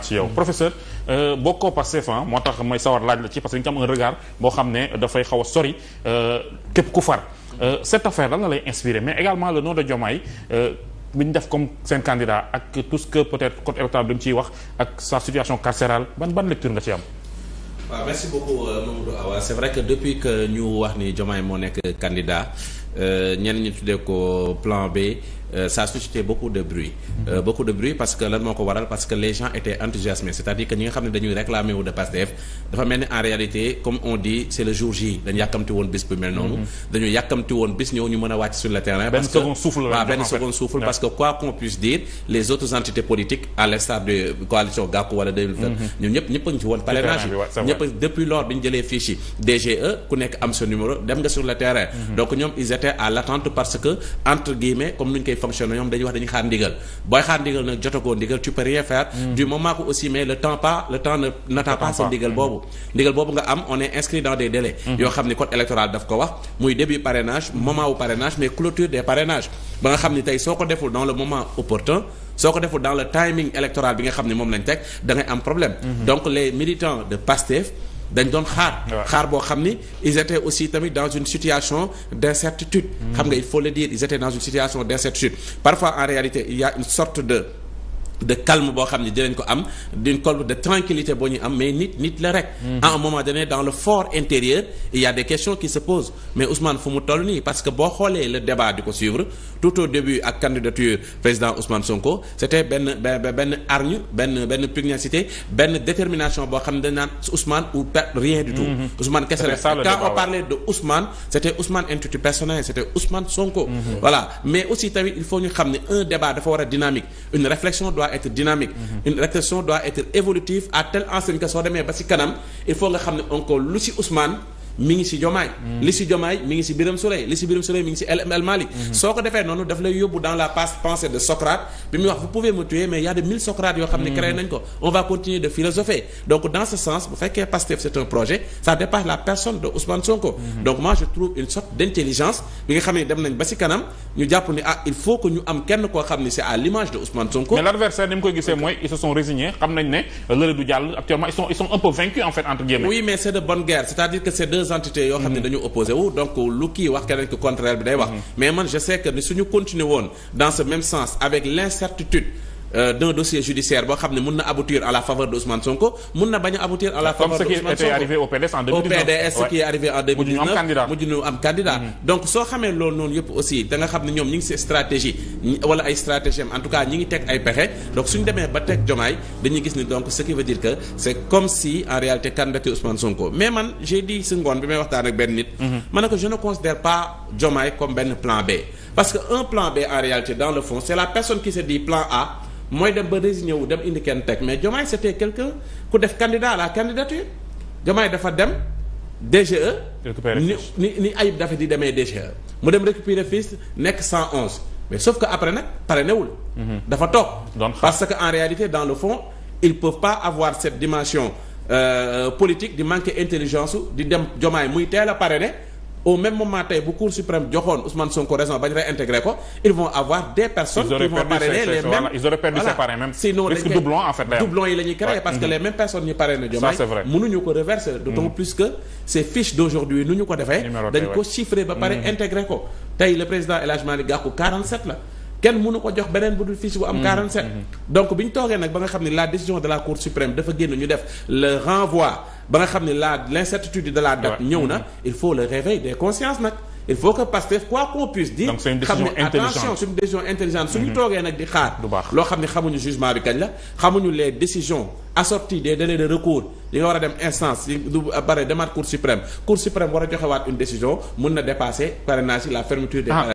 ci yow professeur euh, boo ko passé fan ah, moo tax may sawar laaj la ci parce que ñu am un regard boo xam ne dafay xaw a sori euh, képp ku far euh, cette affaire lan la lay inspiré mais également le nom de Diomaye bi def comme seen candidat ak tout que peut-être code électoral bi mu wax ak sa situation carcérale ban ban lecture nga ci am waaw merci beaucoup Mamadou Awa c'est vrai que depuis que ñu wax ni Diomaye moo nekk candidat Euh, ñenn ñu tuddee ko plan B euh, ça a suscité de bruit euh, mm-hmm. de bruit parce que lan moo ko waral parce que les gens étaient enthousiasmés c'est-à-dire que ñi nga xam ne dañuy réclamer de Pastef dafa mel ni en réalité comme on dit c'est le jour J dañu yàkkamti woon bis bu mel noonu mm-hmm. dañu yàkkamti woon bis ñëw ñu mën a wàcc sur le terrain parce que waaw benn second souffle parce que quoi qu'on puisse dire les autres entités politiques à l'instar parce que entre guillemets comme nu koy fonctionner ñoom dañuy wax dañuy xaar ndigal booy xaar ndigal nag jotagoo ndigal tu peux mm. du moment aussi mais le temps le temps ne n'attend sa ndigal mm. boobu ndigal boobu nga am on est inscrit dans des délais mm-hmm. yoo xam ni code électoral daf ko wax muy début parrainage mm-hmm. moment wu parrainage mais clôture des parrainages ba nga xam ni tey soo ko deful dans le moment opportun soo ko deful dans le timing électoral bi nga xam da dañ doon xaar. xaar boo xam ni ils étaient aussi tamit dans une situation d'incertitude. Mm. xam nga il faut le dire ils étaient dans une situation d'incertitude parfois en réalité il y une sorte de. de calme boo xam ne dinañ ko am d'une colbe de tranquillité boo ñu am mais nit nit la rek mhm. à un moment donné dans le fort intérieur il y a des questions qui se posent mais Ousmane fu mu toll nii parce que boo xoolee le débat di ko suivre tout au début ak candidature président Ousmane Sonko c'était benn benn hargne benn benn benn détermination boo xam ne dañ naan Ousmane ou rien du tout mhm. Ousmane kese rek quand on parlait de Ousmane c'était Ousmane intitut personnel c'était Ousmane Sonko mhm. voilà mais aussi tamit il ñu xam ne un débat dafa war a doit être dynamique. Mhm. une récession doit être évolutive à telle enseigne que soo demee ba si kanam il faut nga xam ne encore lu si Ousmane. mi ngi si jomaay mm. li si jomaay mi ngi si Biram Souley li si Biram Souley mi ngi si El mm-hmm. soo ko defee noonu daf lay yóbbu dans la passe pensée de Socrate bi muy wax vous pouvez me tuer mais il de mille Socrates yoo xam ne mm-hmm. créé nañ ko on va mm-hmm. trouve une sorte d'intelligence bi nga xam ne dem nañ ba si kanam ñu jàpp ne ah il faut que ñu am kenn koo xam ne c'est à l'image de Ousmane Sonko mais l'adversaire ni mu koy gisee mooy ils se sont résignés xam nañ ne lële deux yoo xam ne mm-hmm. dañu opposé wu donc lu kii wax keneen que contraire bi day wax mm-hmm. mais man je sais que ni suñu continuer woon dans ce même sens avec l'incertitude Euh, d'un dossier judiciaire boo xam ne mun na aboutir à la faveur de Ousmane Sonko mun na bañ a à la faveur de Ousmane Sonko comme ce qui ñu am candidat mm. donc soo xamee loolu noonu yëpp aussi da xam ne ñoom ñi ngi si stratégie wala ay stratégie en tout cas ñi ngi teg ay pexe donc suñu demee ba teg jomaay dañuy gis ni donc ce qui veut dire que c'est comme si en réalité candidature Ousmane Sonko mais man j'ai si ngoon bi may waxtaan ak benn nit mm-hmm. ma parce que un plan B en réalité dans le fond c'est la personne qui se dit plan A mooy dem ba résigné wu dem indi kenn teg mais Diomaye c'était quelqu'un ku def candidat à la candidature Diomaye dafa dem DGE ni ni ni Ayib Daffé di demee DGE mu dem récupérer fils nekk 111 mais sauf que après nag pare newul mhm. dafa toog parce que en réalité dans le fond il peuvent pas avoir cette dimension euh, politique di manquer intelligence di dem Diomaye muy teel a pare ne au même moment tey bu Cour suprême joxoon Ousmane Sonko raison bañ réintégré ko ils vont avoir des personnes. qui vont parrainer les mêmes voilà ils auraient perdu ses parrains même. sinon risque doublon en fait. doublon yi la ñuy créer parce que mhm. les mêmes personnes ñu parrainé Diomaye. ça c'est vrai mënuñu ko reverser. Mhm. d'autant plus que ces fiches d'aujourd'hui nu ñu ko defee. dañ ko chiffrer ba pare mhm. intégré ko. tey le président El Hadj Malick Gakou 47 la. kenn mënu ko jox beneen bu dul fiche bu am 47. donc bi ñu toogee nag ba nga xam ne la décision de la Cour suprême dafa génn ñu def le renvoi ba nga xam ne la l' incertitude de la date ñëw na mm-hmm. il faut le réveil des consciences nag il faut que Pastef quoi qu'on puisse dire xam ne attention c'est une mm-hmm. toogee nag di xaar loo xam ne xamuñu jugement bi kañ la xamuñu les décisions assorties des délais de recours yi nga war a dem instance yi du bare demaat suprême Cour suprême war a joxewaat une décision mun na dépasser parrainage la fermeture des ah.